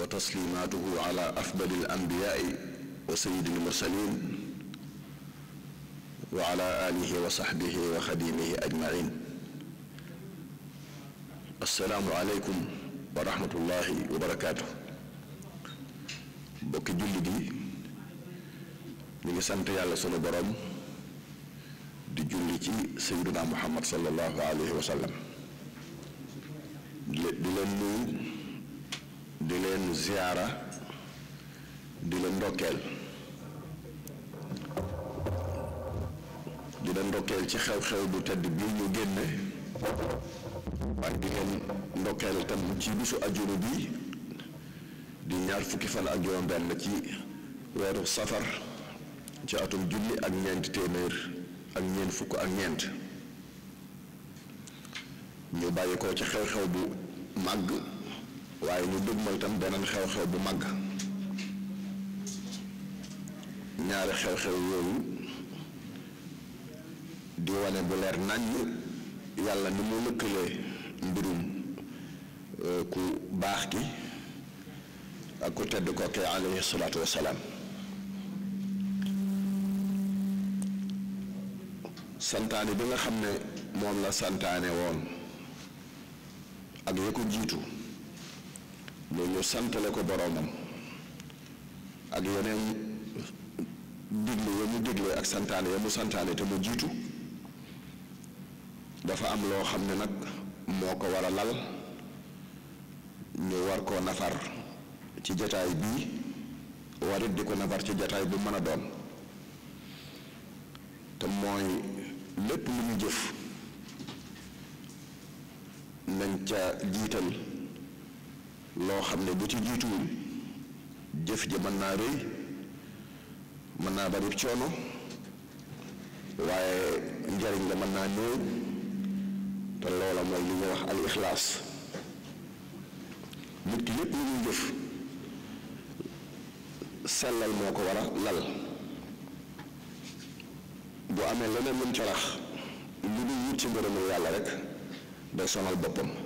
wa taslimaatuhu ala afdalil anbiyaai wa sayyidil mursaliin wa ala aalihi wa saxbihi wa xadiimihi ajmaiin assalaamu aleykum wa rahmatullahi wa barakaatu bokki julli gi ñu ngi sant yàlla sunu borom di julli ci sayyiduna muhammad sallallahu alayhi wa sallam di leen di leen ziyaara di la ndokkeel di la ndokkeel ci xew-xew bu tedd bi ñu génne waaye di leen ndokkeel itam ci bisu ajuma bi di ñaar fukki fan ak juróom benn ci weeru safar ci atum junni ak ñeent téeméer ak ñeent fukk ak ñeent ñu bàyyi ko ci xew-xew bu màgg waaye ñu dëgmal tam beneen xew-xew bu màgg ñaari xew-xew yooyu di wane bu leer naññ yàlla ni mu lëkkalee mbirum euh, ku baax ki ak ku tedd kookee alayhi salaatu wasalaam santaane bi nga xam ne moom la santaane woon ak ya ko jiitu loolu santale ko boroomam ak yeneen digle ya mu digle ak santaane ya santaane te mu jiitu dafa am loo xam ne nag moo ko war a lal ñu war koo nafar ci jataay bii warit di ko nafar ci jataay bi mën a doon te mooy lépp lu ñu jëf nañ ca jiital loo xam ne bu ci jiituwul jëf ja mën naa rëy mën naa bari coono waaye njariñ la mën naa néew te loola mooy li ñuy wax al ixlaas nit ki lépp lu ñuy jëf sellal moo ko war lal bu amee leneen lu mu ca rax lu dul wut ci ngërëmul yàlla rek day sonal boppam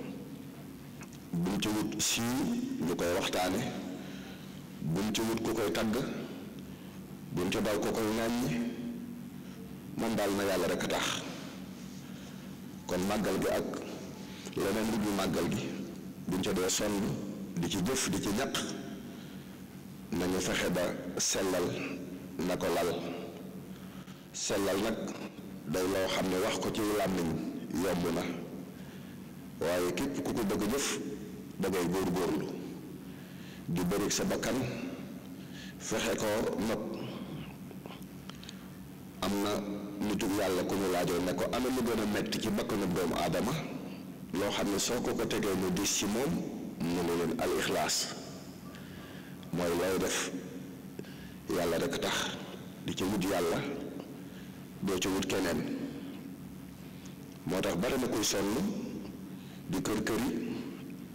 buñ ci wut siiw ñu koy waxtaane buñ ci wut ku koy tagg buñ ci daw ku koy ŋàññi moom daal na yàlla rek a tax kon màggal gi ak leneen lu dul màggal gi buñ ca dee sonn di ci jëf di ci ñaq nañu fexe ba sellal na ko lal sellal nag day loo xam ne wax ko ci làmmiñ yomb na waaye képp ku ko bëgg jëf dangay góorgóorlu di bërig sa bakkan fexe ko not am na nituk yàlla ku ñu laajoo ne ko ana lu gën a metti ci bakkanu doomu aadama loo xam ne soo ko ko tegee mu dis ci moom mu ne leen al mooy lay def yàlla rek tax di ca wut yàlla doo ci wut keneen moo tax bari na koy sonn di kër këri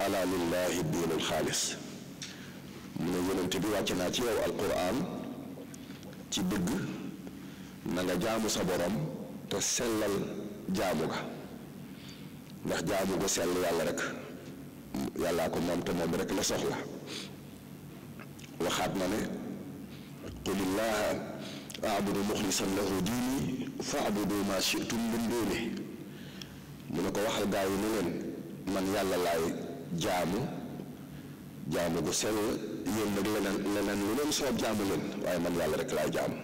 ala lillahi diinul xaalis mu ne yonent bi wàcc naa ci yow alquran ci dëgg nanga nga jaamu sa borom te sellal jaamu ga ndax jaamu ga sell yàlla rek yàllaa ko moom te moom rek la soxla waxaat na ne qulillaha abudu muxlisan lahu diini fa abudu ma shitum min duuni mu ne ko waxal gaa ne leen man yàlla laay jaamu jaamu gu sell yéen nag leneen leneen lu leen soob jaamu leen waaye man yàlla rek laay jaamu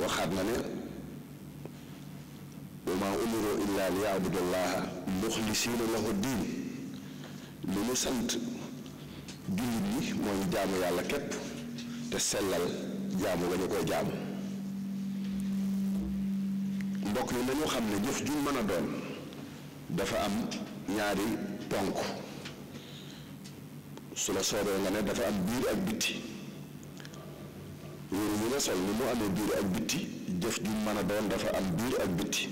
waxaat na ne wa maa umiru illa li yaabudullaha muxlisina lahu diin li mu sant jullit ñi mooy jaamu yàlla képp te sellal jaamu lañu ñu koy jaamu mbokk yi nañu xam ne jëf ju mën a doon dafa am ñaari ponk su la soobee nga ne dafa am biir ak bitti yére yi nga sol ni mu amee biir ak bitti jëf ju mën a doon dafa am biir ak bitti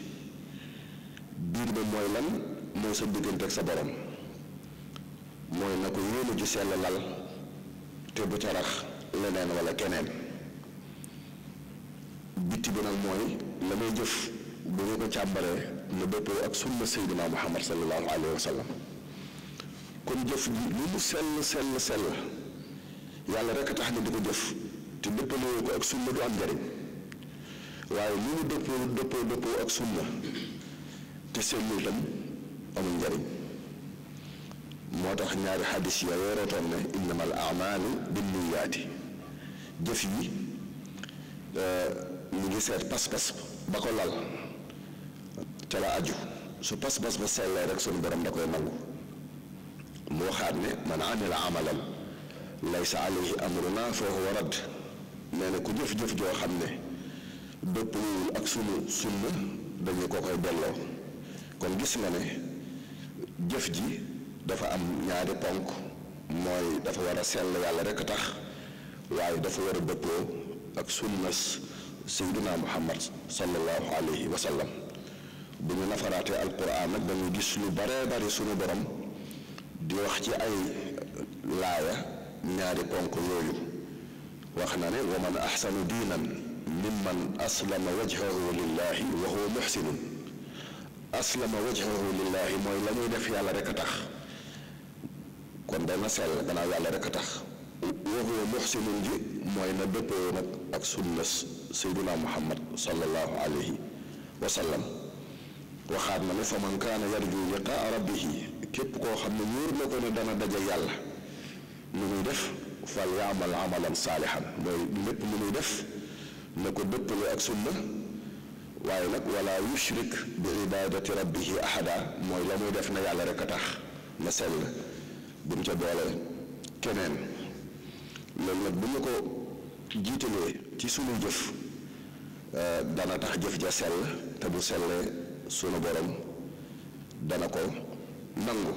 biir ba mooy lan mooy sa diggante ak sa borom mooy na ko yéene ju sell lal te bu ca rax leneen wala keneen bitti bi nag mooy la may jëf bu nga ko càmbaree mu dëppoo ak sunna seydina muhammad sallallahu alayhi wa kon jëf lu mu sell sell sell yàlla rek a tax na di ko jëf te dëppaloo ko ak sunna du am njariñ waaye lu mu dëppoo dëppoo dëppoo ak sunna te sellul tam amul njariñ moo tax ñaari xaddis ya weeratoon ne innamal amaalu binniyaati jëf yi euh, mu ngi seet pas-pas ba ko lal ca la aju su pas-pas ba sellee rek suñu borom da koy nangu mu waxaat ne man amila amalan laysa alayhi amruna fa huwa radd nee na ku jëf-jëf joo xam ne dëppoowul ak sunu sunna dañu ko koy delloo gis nga ne jëf ji dafa am ñaari ponk mooy dafa sell yàlla rek tax waaye dafa war a dëppoo ak sunnas sayyidina muhammad sallallahu alayhi wa sallam bu ñu nafaraatee alquran nag dañuy gis lu bare bari suñu borom di wax ci ay laaya ñaari ponk yooyu wax na ne wa man axsanu diinan mimman aslama wajhahu lillahi wa huwa muxsinun mooy lañuy def yàlla rek a tax kon dana sell gannaaw yàlla rek a tax wa huwa muxsinun ji mooy na dëppoo nag ak sunna sayduna muhammad sallallahu alayhi wa sallam waxaat ma ne fa man kaana yarju liqaa rabbihi képp koo xam ne wóor na ko ne dana dajal yàlla lu muy def fal yaamal amalan saalihan mooy lépp lu muy def na ko dëppale ak sunna waaye nag wala yushrik bi ibadati rabbihi ahada mooy la muy def na yàlla rek a tax na sell bu mu ca keneen loolu nag bu ñu ko jiitalee ci sunu jëf euh, dana tax jëf ja sell te bu sellee sunu borom dana ko nangu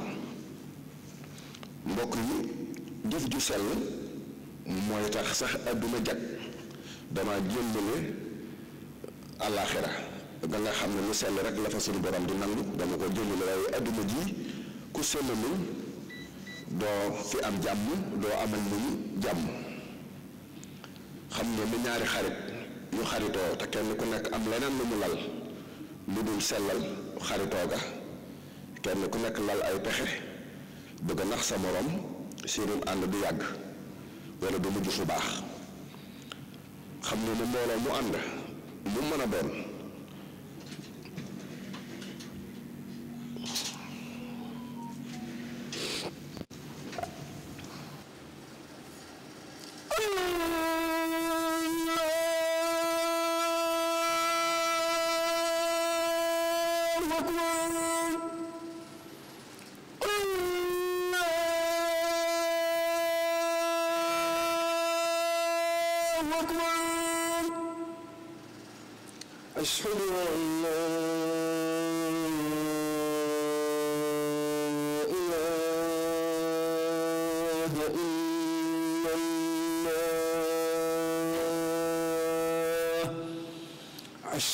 mbokk yi jëf ju sell mooy tax sax àdduna jag dana jëmbale àllaaxira nga nga xam ne lu sell rek la fa sunu borom di nangu dana ko jëmbale waaye àdduna ji ku sellalul doo fi am jàmm doo amal nit jàmm xam nga ni ñaari xarit yu xaritoo te kenn ku nekk am leneen lu mu lal lu dul sellal xaritoo ga kenn ku nekk lal ay pexe bëgg a nax sa morom seenum ànd du yàgg wala du mujj fu baax xam ne mu mbooloo mu ànd mu mën a doon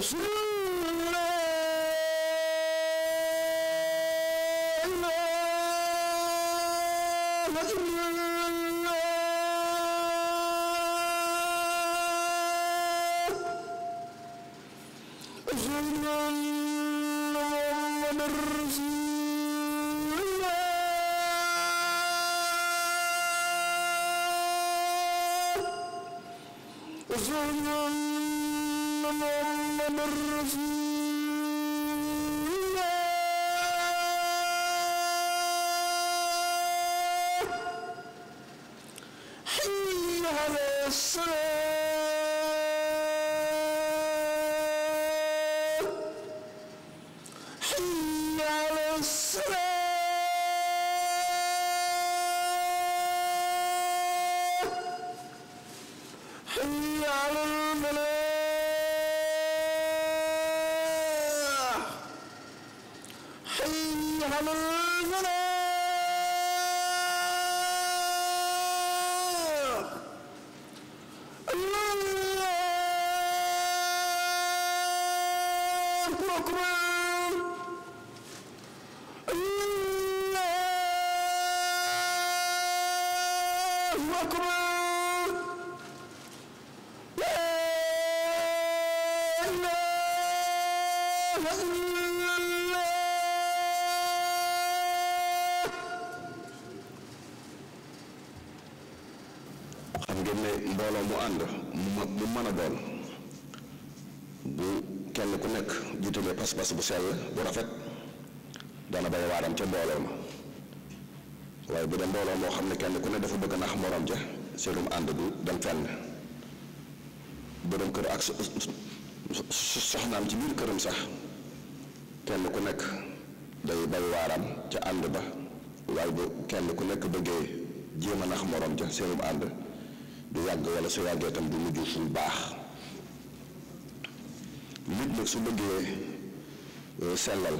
Sure. محمد رسول xam mbooloo mu ànd mu mën a doon bu kenn ku nekk jiitalee pas-pas bu sell bu rafet dana bay waaram ca mbooloo ma waaye bu dee mbooloo moo xam ne kenn ku ne dafa bëgg nax moroom ja seenum ànd bi dem fenn borom kër ak soxnaam ci biir këram sax kenn ku nekk day bay waaram ca ànd ba waaye bu kenn ku nekk bëggee jéem a nax morom ja seenum ànd du yàgg wala su yàggee tam du mujj fu baax nit nag su bëggee eh, sellal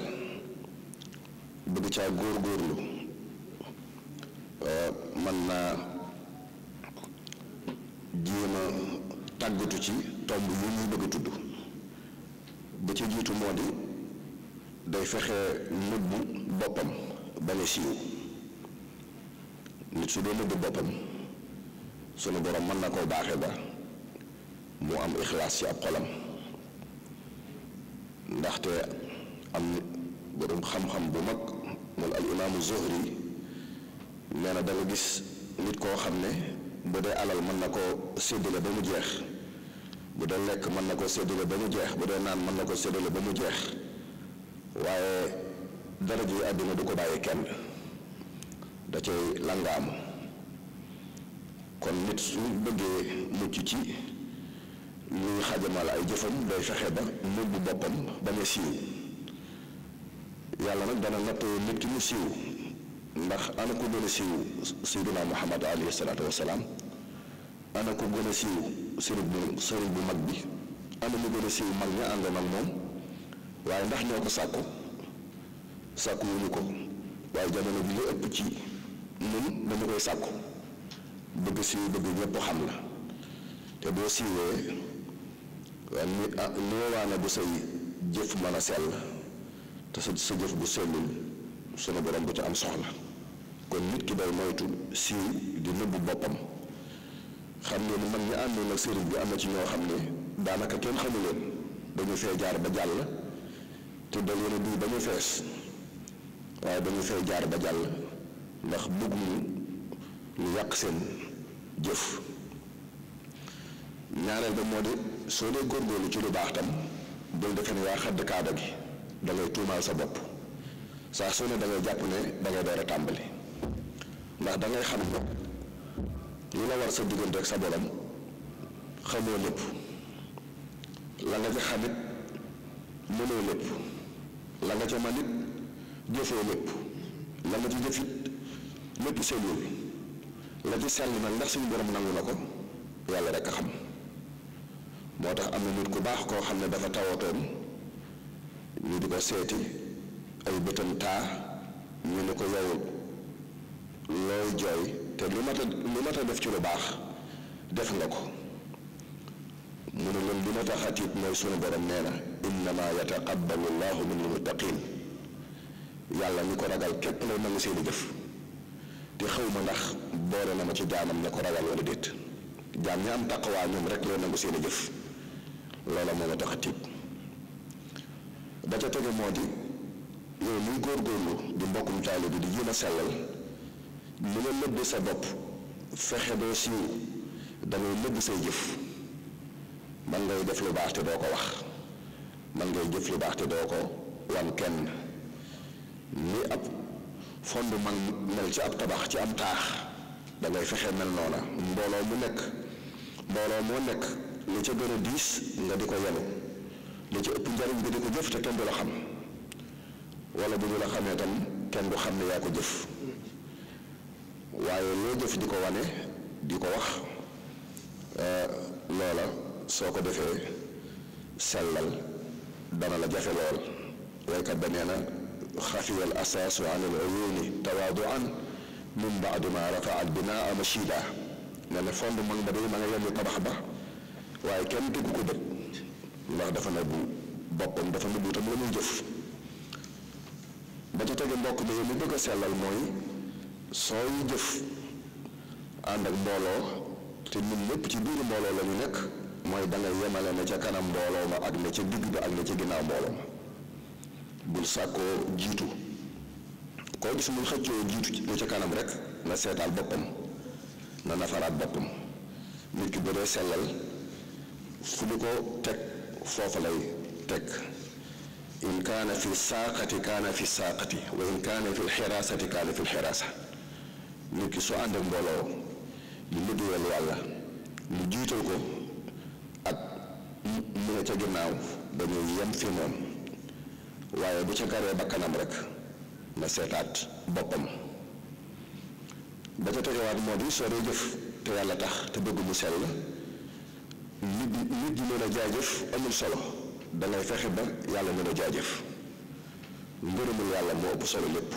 bëgg caa góor góorlu eh, mën naa jéem a ci tomb yu muy bëgg tudd ba ci jiitu moo di day fexe nëbb boppam bañ a siiw nit su dee nëbb boppam sunu borom mën na koo baaxe ba mu am ixlaas ci ab xolam ndaxte am xam-xam bu mag moom al imaamu Zuhri nee na da gis nit koo xam ne bu dee alal mën na koo séddale ba mu jeex bu dee lekk mën na ko séddale ba mu jeex bu dee naan mën na ko séddale ba mu jeex waaye dara ji àdduna du ko bàyyi kenn da cay langaam kon nit su bëggee mucc ci luy xajamal ay jëfam day fexe ba mubbu boppam ba nga siiw yàlla nag dana nattoo nit ki mu siiw ndax ana ko gën a siiw sayyidina Muhammad alayhi salaatu wasalaam ana ko gën a siiw sëriñ bi sëriñ bu mag bi ana lu gën a siiw mag ña àndoon ak moom waaye ndax ñoo ko sàkku sàkku ko waaye jamono bi li ëpp ci ñun dañu koy sàkku bëgg siiw bëgg ñëpp xam la te boo siiwee ni loo ah, waane bu say jëf man a sell te sa sa jëf bu sellul sunu borom bu ci am soxla kon nit ki day moytu siiw di nëbbu boppam xam ngeen ni man ñi àndoon na sëriñ bi am na ci ñoo xam ne daanaka kenn xamu leen dañu fee jaar ba jàll te da leen a duy ba ñu fees waaye dañu fee jaar ba jàll ndax bëgg mu ñu yàq seen jëf ñaareel ba moo di soo dee góorgóorlu ci lu baax tam bul defe ne yaa xadd kaada gi da ngay tuumaal sa bopp saa su ne jàpp ne da door a tàmbali ndax dangay ngay xam li la war sa diggante ak sa borom xamoo lépp la nga ca xamit mënoo lépp la nga ca manit jëfoo lépp la nga ci jëfit lépp sellul la ci sell nag ndax suñu borom nangu na ko yàlla rek a xam moo tax am na nit ku baax koo xam ne dafa tawatoon ñu di ko seeti ay bëtam taa ñu ne ko yow looy jooy te lu mat a lu mat a def ci lu baax def nga ko mu ne leen li ma tax a tiit mooy sunu borom nee na innama yataqabbalu llahu min almuttaqin yàlla ni ko ragal képp lay nangu seeni jëf te xaw ma ndax boole na ma ci jaamam ne ko ragal wala déet jaam ña am taqawaa ñoom rek lay nangu seeni jëf loola moo ma tax a tiit da ca tege moo di yow góor góorgóorlu di mbokkum taalibe bi di jéem a sellal li nga nëbb sa bopp fexe doo siiw damay ngay nëbb say jëf man ngay def lu baax te doo ko wax man ngay jëf lu baax te doo ko wan kenn ni ab fond man mel ci ab tabax ci am taax dangay ngay fexe mel noona mbooloo mu nekk mbooloo moo nekk li ca gën a diis nga di ko yenu li ca ëpp njariñ nga di ko jëf te kenn du la xam wala bu ñu la xamee tam kenn bu xam ne yaa ko jëf waaye loo jëf di ko wane di ko wax eh, loola soo ko defee sellal dana la jafe lool waykat ba nee na xafiyal asaasu an al uyuni tawaaduan min baadu ma rafa al binaa mashida nee na fondement ba day ma nga yem tabax ba waaye kenn tegu ko bët ndax dafa nëbbu boppam dafa nëbbu itam la muy jëf ba ca tege mbokk mi mu bëgg a sellal mooy soo yu jëf ànd ak mbooloo te ñun lépp ci biir mbooloo la ñu nekk mooy da nga yemale na ca kanam mbooloo ma ak na ca digg ba ak na ca ginnaaw mbooloo ma bul sàkkoo jiitu koo gis muy xëccoo jiitu na ca kanam rek na seetaal boppam na nafaraat boppam nit ki bu dee sellal fu ñu ko teg foofu lay teg in kaana fi saaqati kaana fi saaqati wa in kaana fi lxiraasati kaana fi lxiraasa nit ki soo ànd ak mbooloo li liggéeyal yàlla lu jiital ko ak mu ne ca ginnaaw dañuy yem fi moom waaye bu ca garee bakkanam rek na seetaat boppam ba ca tegewaat moo di soo dee jëf te yàlla tax te bëgg mu sell nit nit ñi mën a jaajëf amul solo dangay fexe ba yàlla mën a jaajëf ngërëmul yàlla moo ëpp solo lépp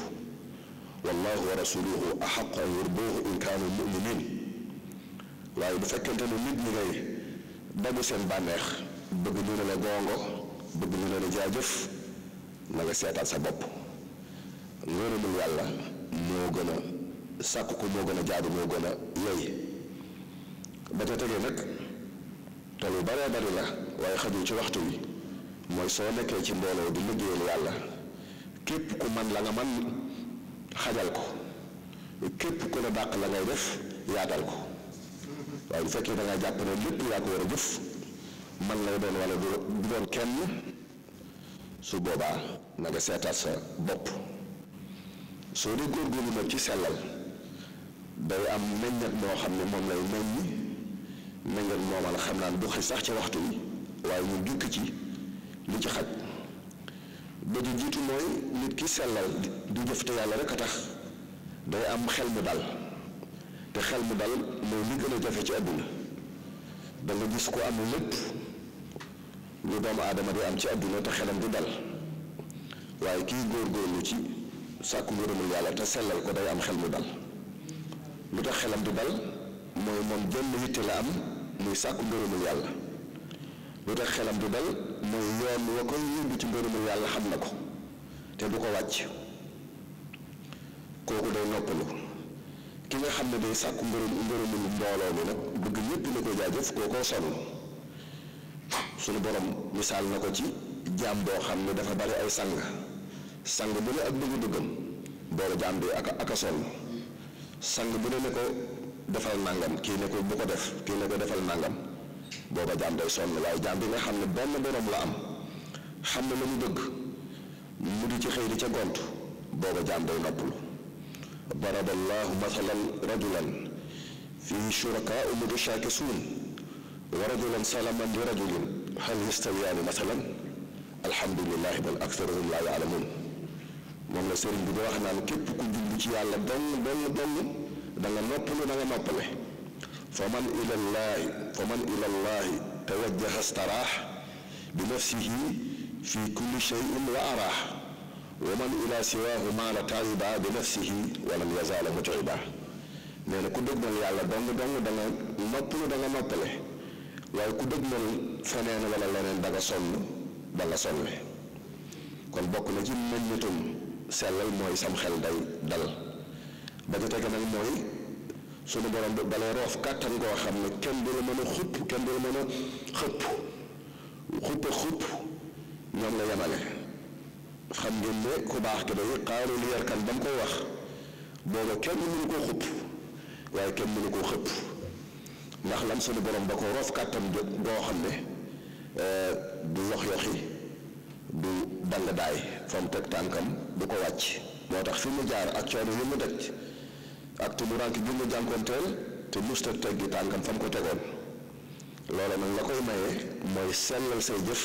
wallahu wa rasuluhu axaqu an yurduuhu in kaanu muminin waaye bu fekkente ne nit ñi ngay daggu seen bànneex bëgg ñu ne la gongo bëgg ñu ne la jaajëf na nga seetaat sa bopp ngërëmul yàlla moo gën a sàkk ko moo gën a jaadu moo gën a yey ba ca tegee nag te lu baree bari la waaye xajul ci waxtu wi mooy soo nekkee ci mbooloo di liggéeyal yàlla képp ku man la nga man xajal ko képp ku la dàq la ngay def yaatal ko waaye bu fekkee da ngaa jàpp ne lépp yaa ko war a jëf man lay doon wala du doon kenn su boobaa na nga seetaat sa bopp soo dee góorgóorlu nag ci sellal day am meññat moo xam ne moom lay meññ meññat moomal xam naa ne du sax ci waxtu wi waaye ñu jukki ci li ci xaj ba ju jiitu mooy nit ki sellal di jëf te yàlla rek a tax day am xel mu dal te xel mu dal mooy mu gën a jafe ci àdduna da nga gis ko am lépp lu doomu aadama di am ci àdduna te xelam di dal waaye góor góorgóorlu ci sàkku ngërëmul yàlla te sellal ko day am xel mu dal lu tax xelam di dal mooy moom benn yitte la am muy sàkku ngërëmul yàlla lu tax xelam di dal mooy yoon wa koy yóbbu ci ngërëmu yàlla xam na ko te du ko wàcc kooku day noppalu ki nga xam ne day sàkku ngërëm ngërëmu mbooloo mi nag bëgg ñépp la ko jaajëf kookoo sonn suñu borom misaal na ko ci jaam boo xam ne dafa bari ay sang sang bu ne ak bëgg-bëggam boole jaam bi ak ak a sang bu ne ne ko defal nàngam kii ne ko bu ko def kii ne ko defal nàngam booba jaam day sonn waaye jaam bi nga xam ne benn borom la am xam ne la mu bëgg mu di ci xëy di ca gont booba jaam day noppalu daraba allahu mathalan rajulan fihi shurakaau mutashaakisuun wa rajulan salaman li rajulin hal yastawiyaani mathalan alhamdulilahi bal aktaruhum laa la sëriñ bi di wax naan képp ku jublu ci yàlla dong dong dong da nga noppalu da nga noppale faman man llaahi faman ila llaahi tawajjaha staraax bi nafsihi fi kulli cheyin wa araax wa man ila siwaahu maala taaliba bi nafsihi walam yazaala mutiba nee na ku dëgmal yàlla dong dong da nga noppalu da nga noppale ku dëgmal feneen wala leneen da nga sonn da sonne kon bokk na ci meññatum sellal mooy sam xel day dal ba ca tege mooy suñu borom bi dalee roof kàttan goo xam ne kenn du la mën a xupp kenn du la mën a xëpp xupp a xupp ñoom la yemale xam ngeen ne ku baax ki day xaaru lu yarkan ba koy wax booba kenn mënu koo xupp waaye kenn mënu koo xëpp ndax lan suñu borom da ko roof kàttan goo xam ne eh, du yox yoxi du dang daay fa mu teg tànkam du ko wàcc moo tax fi mu jaar ak coono yi mu daj ak tumuraanke gi mu jànkoonteel te musta teg gi tànkam fa mu ko tegoon loola nag la koy maye mooy sellal say jëf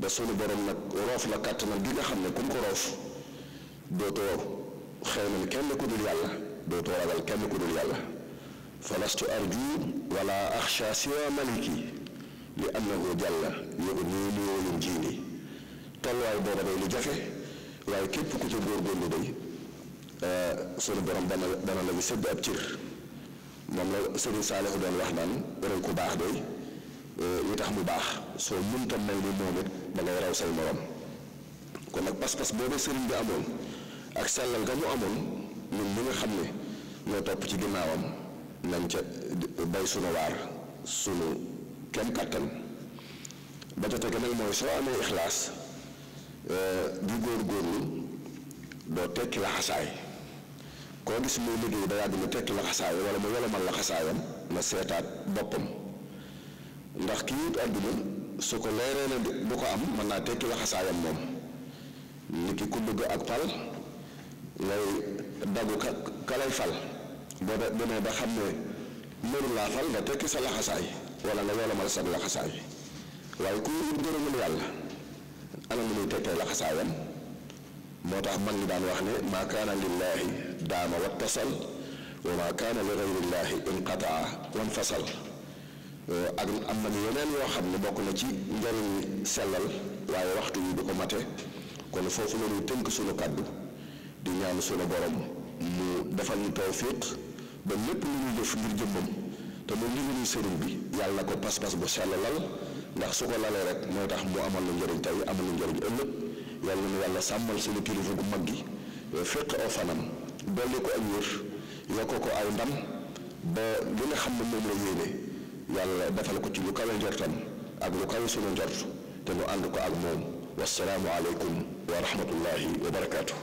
ba sunu borom nag roof la kàttanam gi nga xam ne ku mu ko roof dootoo xeynal kenn ku dul yàlla dootoo ragal kenn ku dul yàlla falastu arju wala axsha siwa maliki li annahu jàlla yugnii nii wa yunjiini tolluwaay booba day lu jafe waaye képp ku ca góorgóorlu day Eh, suñu borom dana dana la sëdd ab cër moom la sëriñ Saalihu doon wax naan rëy ku baax de eh, li tax mu baax soo mënta mel ni moom it da raw say morom kon nag pas-pas boobu sëriñ bi amoon ak sellal ga mu amoon ñun nga xam ne ñoo topp ci ginnaawam nañ ca bay sunu waar sunu kem kàttan ba ca tege nag mooy soo amee ixlaas eh, di góor góorlu doo tekki laxasaay koo gis muy liggéey da yaa gën a tekki laxasaayam wala ma wala man laxasaayam na seetaat boppam ndax kii wut àdduna su ko leeree ne du ko am mën naa tekki laxasaayam moom nit ki ku ak pal ngay daggu boo de demee ba xam ne mënu laa fal nga sa laxasaay wala nga wala mal sa laxasaay waaye ku wut mu muy tekkee laxasaayam moo tax man ñi daan wax ne maa lillaahi daama wattasal wa ma kaana li gayrillahi inqataa wanfasal ak am na yeneen yoo xam ne bokk na ci njariñ sellal waaye waxtu yi du ko mate kon foofu la ñuy tënk sunu kàddu di ñaan sunu borom mu defal ñu tawfiq ba lépp lu ñu jëf ngir jëmmam te mu liggéeyu sëriñ bi yàlla na ko pas-pas bu sellalal ndax su ko lalee rek moo tax mu amal lu njëriñ tey amal lu njëriñ ëllëg yàlla na yàlla sàmmal suñu kilifa gu mag gi féq aw dolli ko ak wér yokk ko aw ndam ba li nga xam ne moom la yéene yàlla defal ko ci lu kawe njortam ak lu kawe sunu njort te nu ànd ko ak moom salaam aleykum wa rahmatullahi wa barakaatu.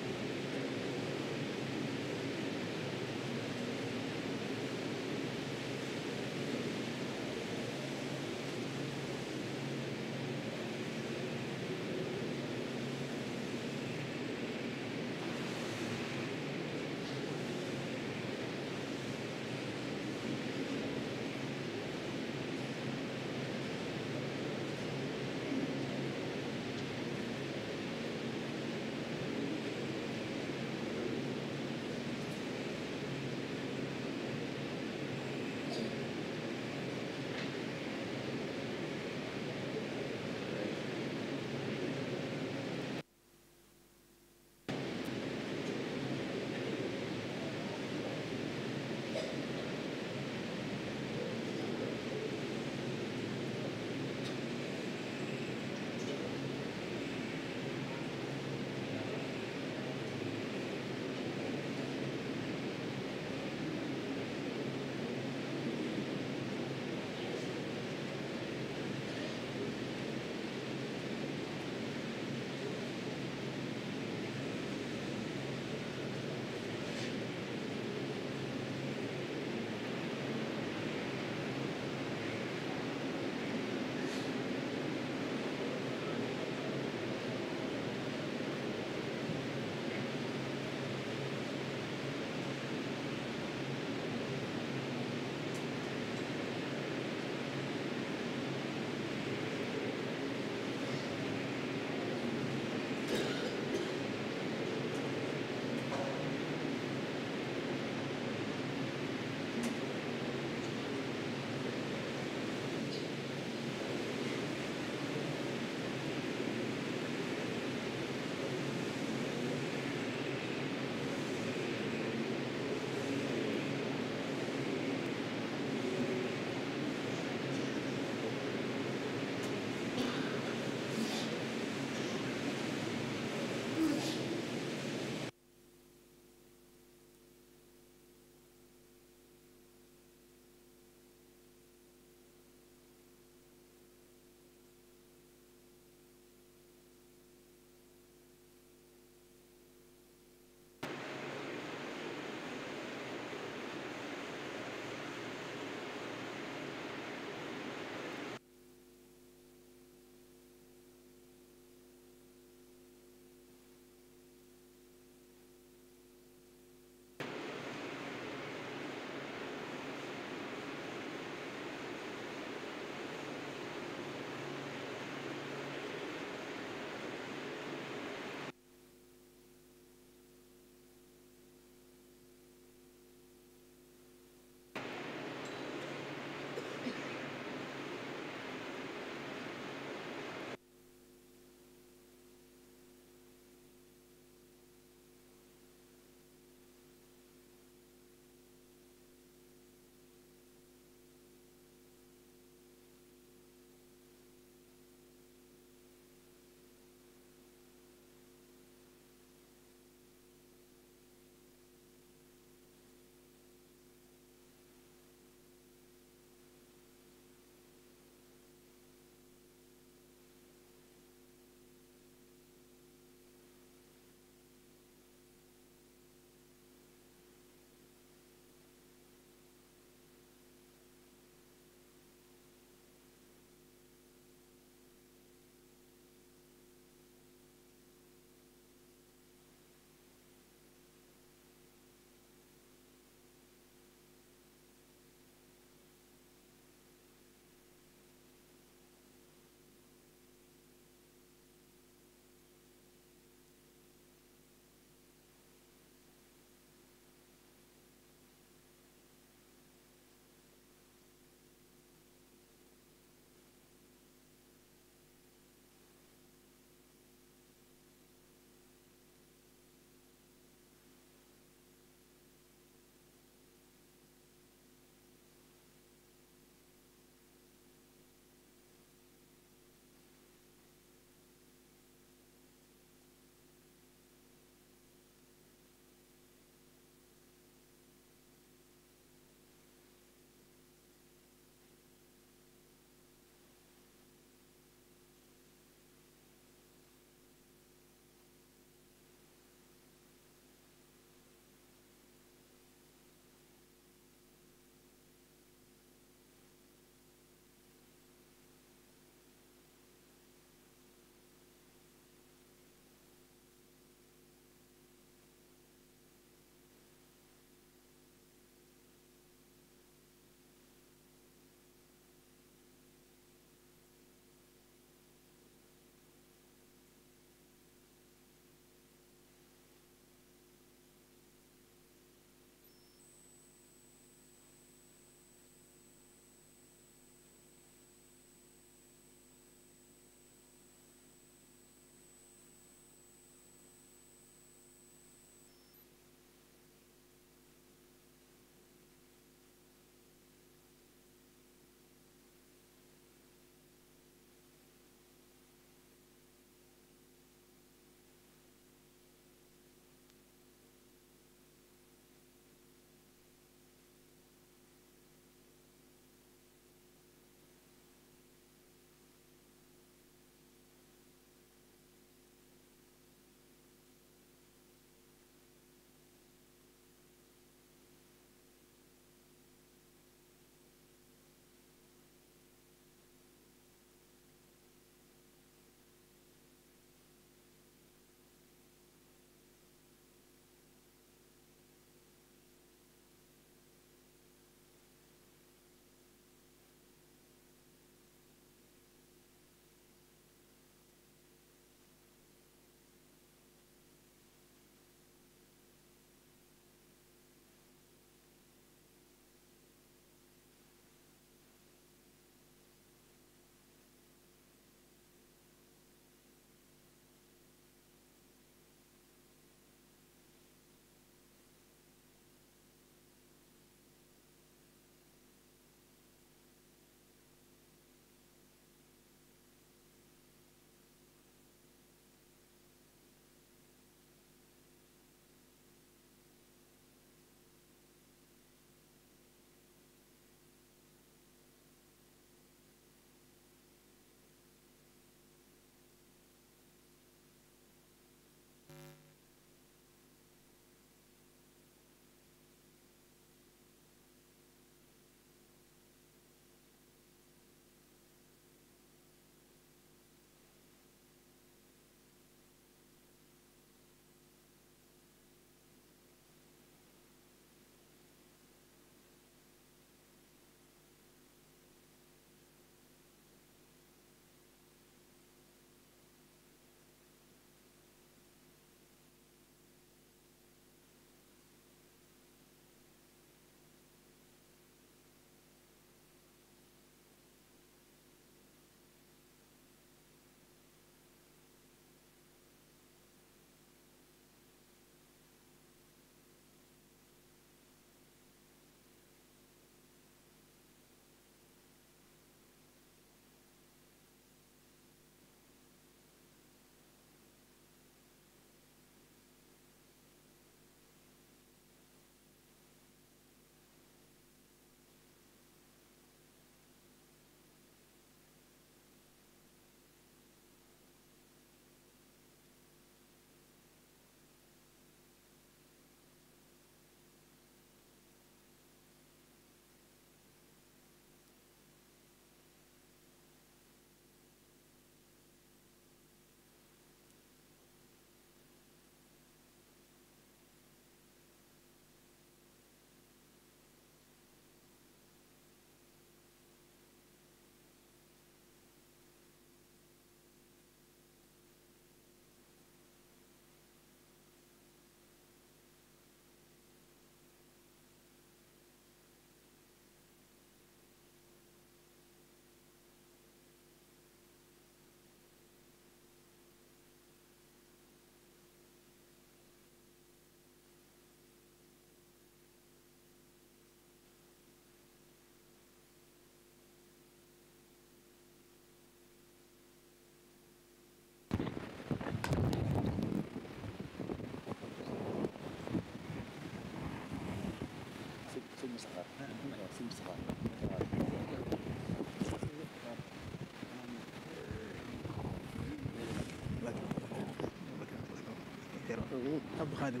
Abdou Khadir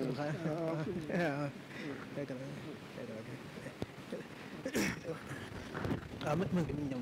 Abdou Khadir waaw dëgg la dëgg la waaw man man mii ñëw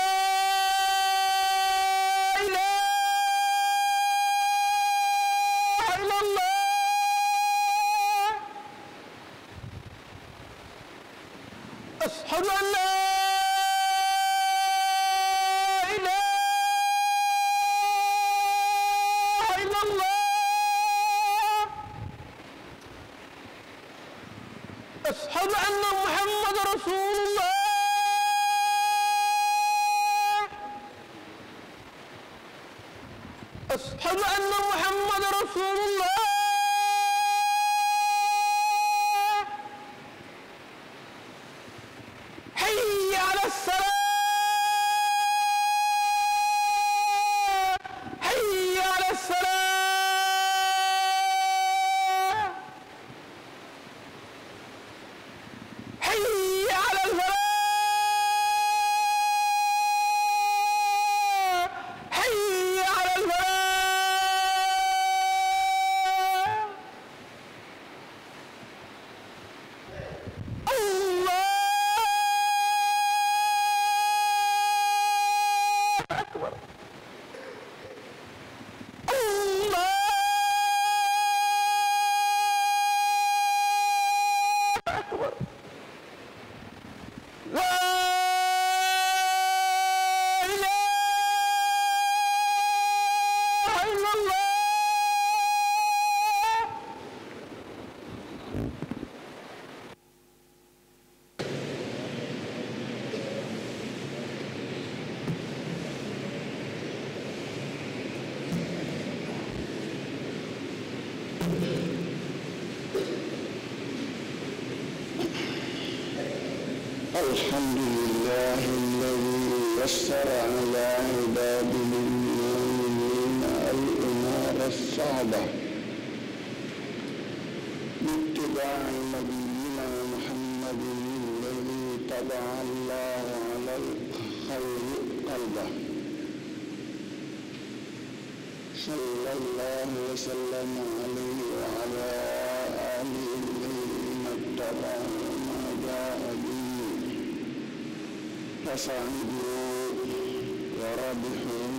الحمد لله الذي يسر على مصاعده وربحه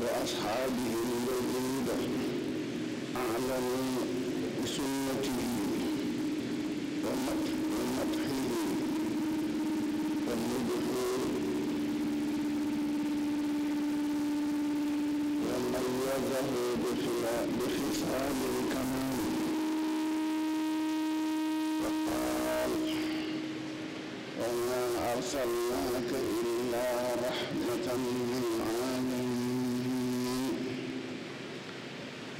وأصحابه الذين أعلنوا بسنته وما أرسلناك إلا رحمة للعالمين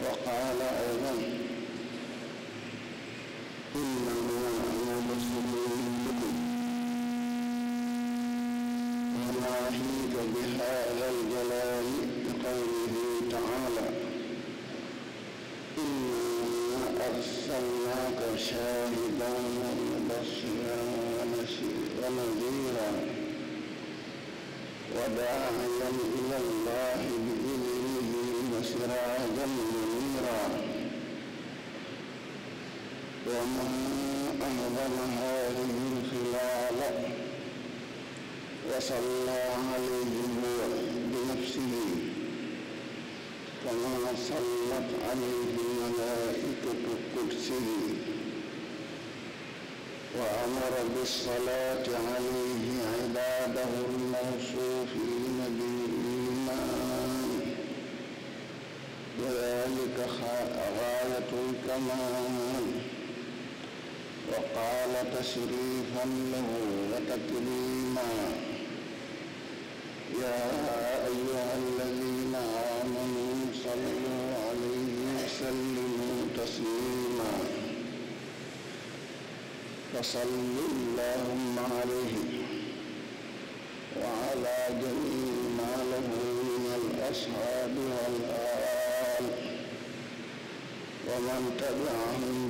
وقال أيضا إنه إله إلا الله بإذنه وسراجا منيرا ومن أعظم هذه الخلال وصلى عليه بنفسه كما صلت عليه ملائكة قدسه وأمر بالصلاة عليه عباده ذلك غاية الكمال وقال تشريفا له وتكريما يا أيها الذين آمنوا صلوا عليه وسلموا تسليما فصل اللهم عليه ومن تبعهم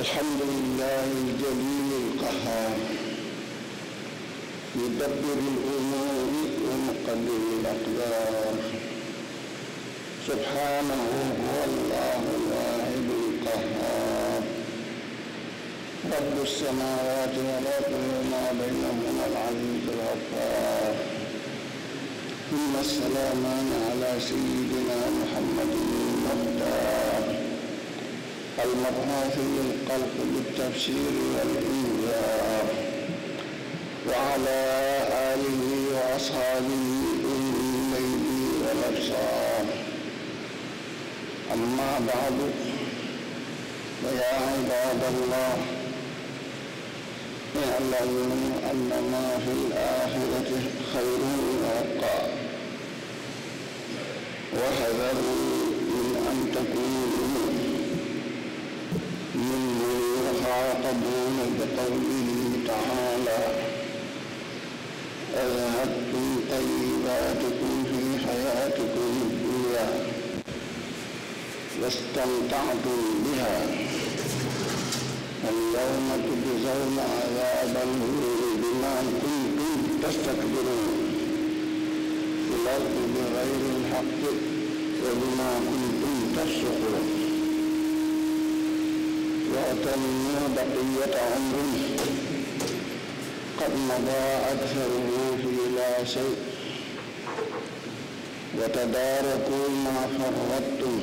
الحمد لله الجليل القهار يدبر الأمور ومقدر الأقدار سبحانه هو الله الواحد القهار رب السماوات والأرض وما بينهما العزيز الغفار ثم السلامان على سيدنا محمد المبعوث للقلب بالتبشير والإنذار وعلى آله وأصحابه أولي الليل والأبصار أما بعد فيا عباد الله اعلموا أن ما في الآخرة خير وأبقى وحذروا من أن تكونوا يجحدون بقوله تعالى أذهبتم طيباتكم في حياتكم الدنيا واستمتعتم بها اليوم تجزون عذاب الهول بما كنتم تستكبرون في الأرض بغير الحق وبما كنتم تفسقون وأتموا بقية عمري قد مضى أكثره في لا شيء وتداركوا ما فرطتم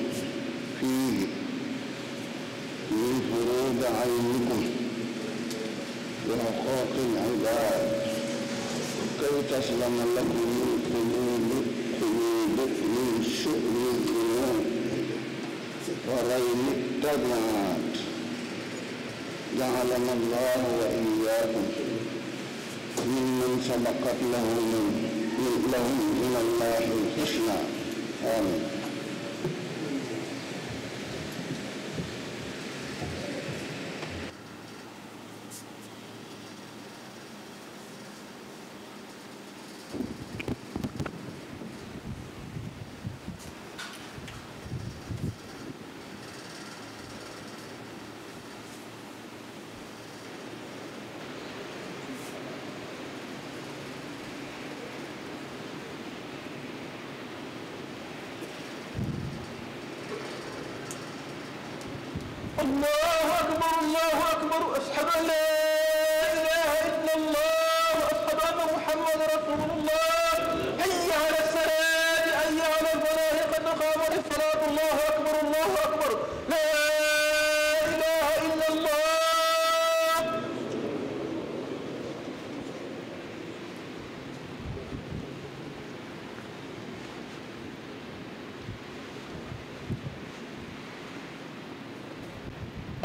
فيه من فروض عينكم وحقوق العباد كي تسلم لكم من قلوب قلوب من شؤم الذنوب ورين اتبعا جعلنا الله وإياكم ممن سبقت له من لهم من الله الحسنى آمين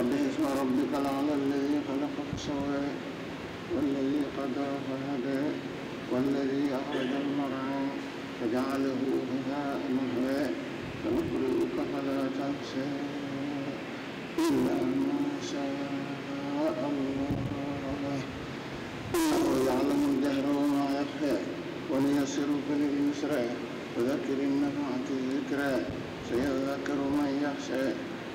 سبح اسم ربك الأعلى الذي خلق فسوى والذي قدر فهدى والذي أخرج المرعى فجعله غثاء مهوى سنقرئك فلا تنسى إلا ما شاء الله إنه يعلم الجهر وما يخفى وليسرك لليسرى وذكر النفعة الذكرى سيذكر من يخشى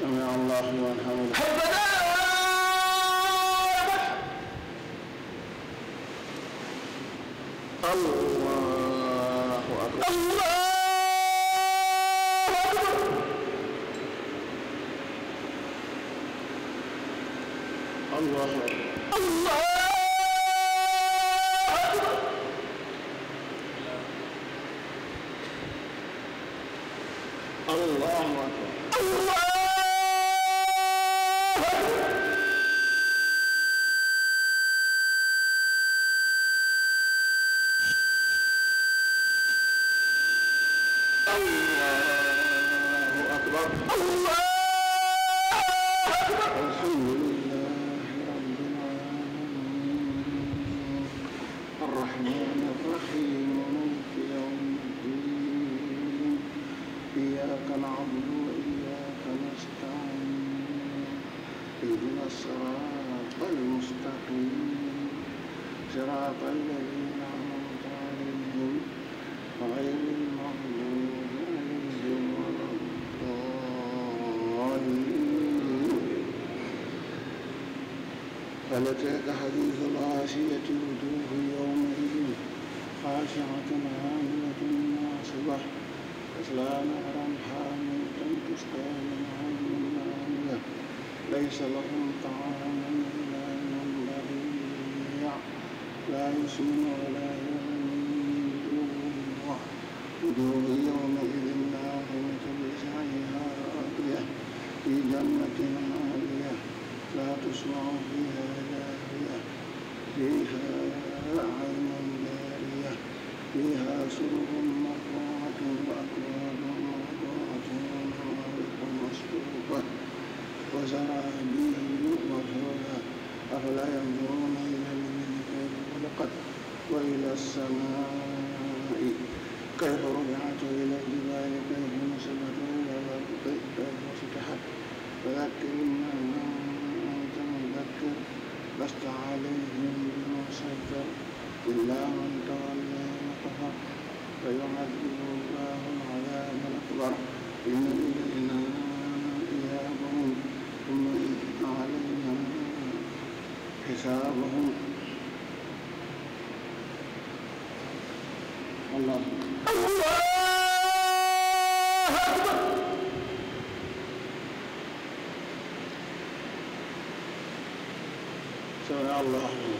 سمع الله لمن حمده ربنا الله أكبر الله أكبر الله أكبر الله الله أكبر أهلكك حديث الغاشية وجوه يومئذ خاشعة عاملة ناصبة تسلى نارا حامية تسقى من عين آنية ليس لهم طعام إلا من ضريع لا يسمن ولا يغني وجوه يومئذ ناظرة بسعيها راضية في جنة عالية لا تسمع فيها فيها عين جارية فيها سرر مرضات وأكواب مرضات ومواد مسكوبة وزرابي مبثوثة أفلا ينظرون إلى الإبل كيف خلقت وإلى السماء كيف رفعت إلى الجبال كيف نصبت إلى الأرض كيف فتحت فذكر إنما أنت مذكر لست عليهم يتذكر إلا من تولى وكفر فيعذبه الله العذاب الأكبر إن إلينا إيابهم ثم علينا حسابهم الله سمع الله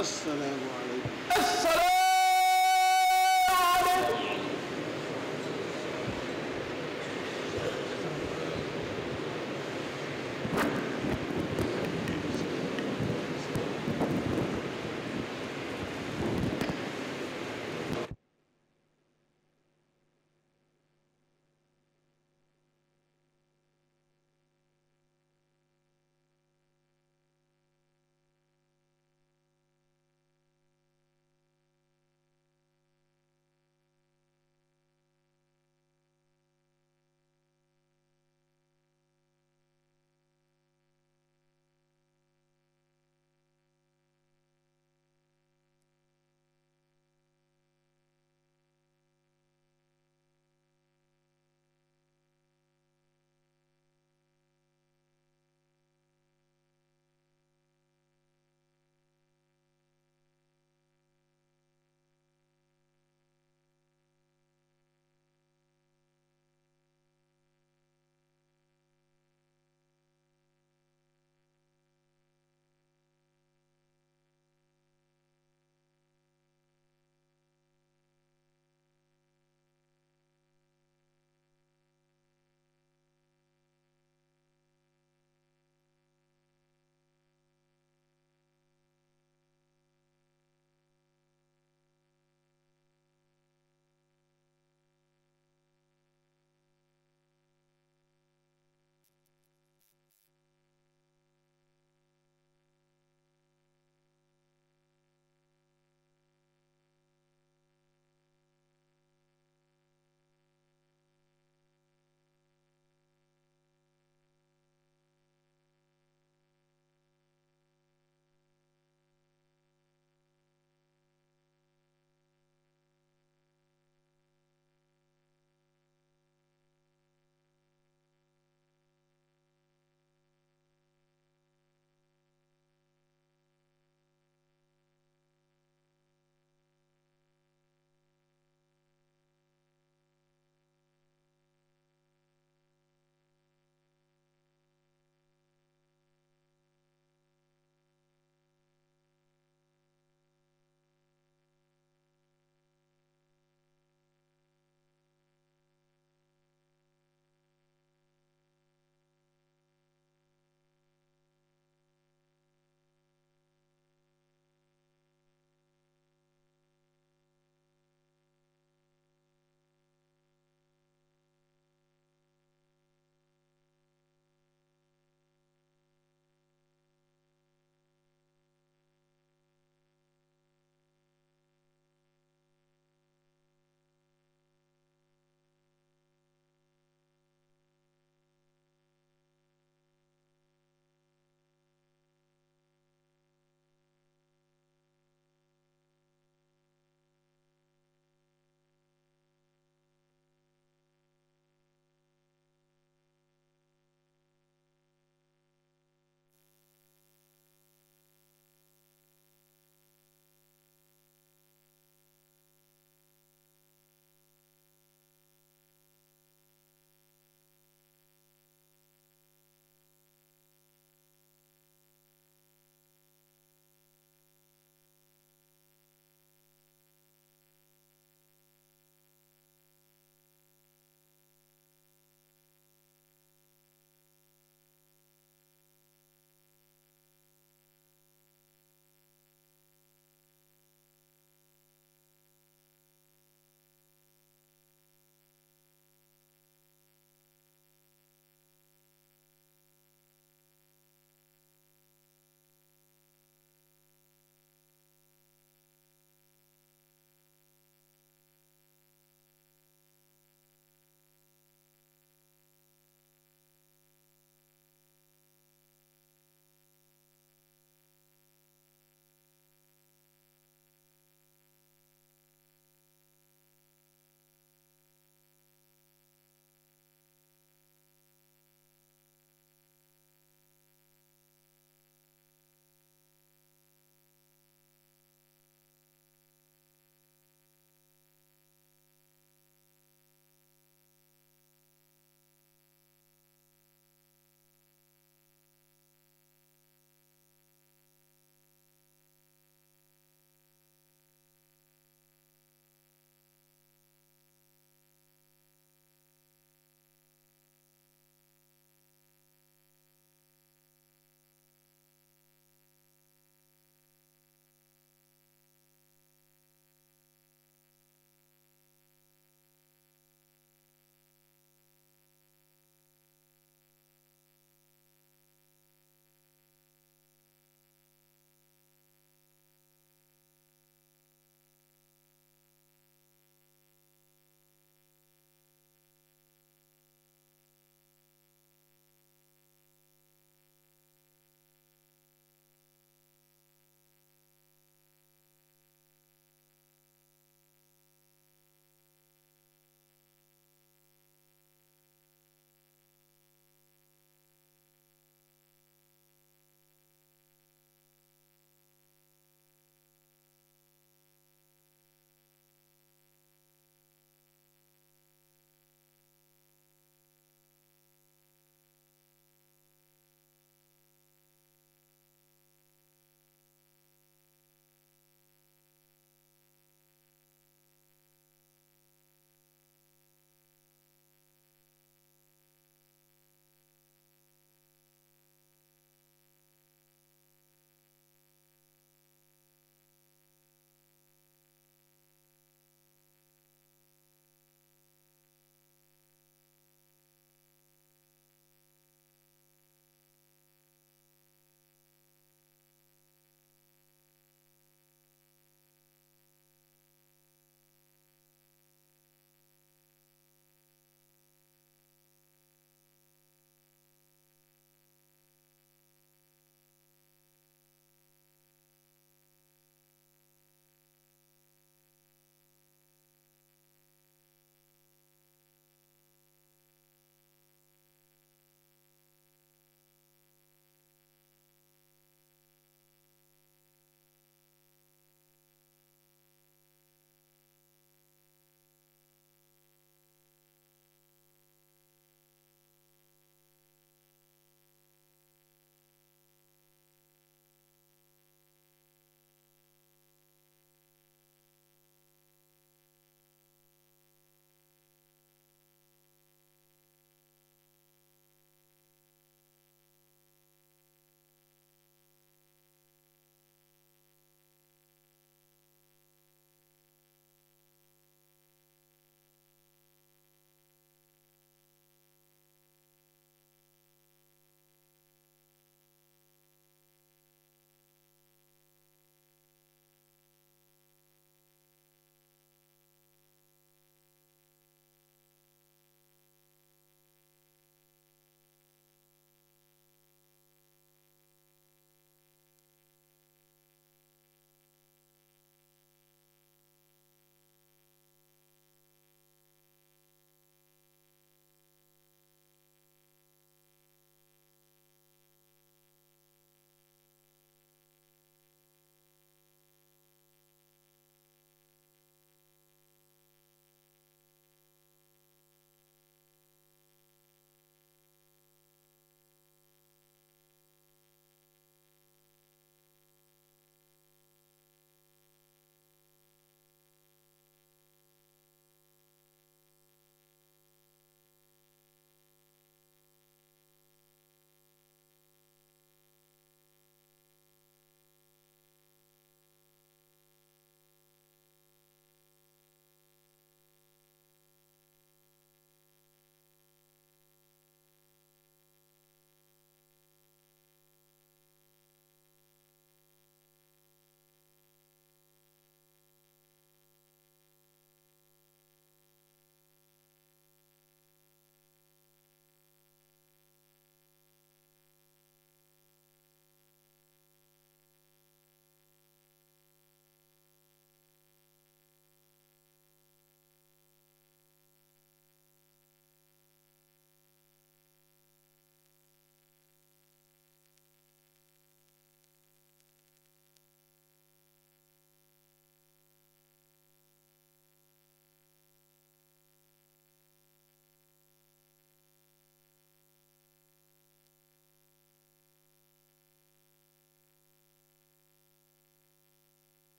asalaamaaleykum.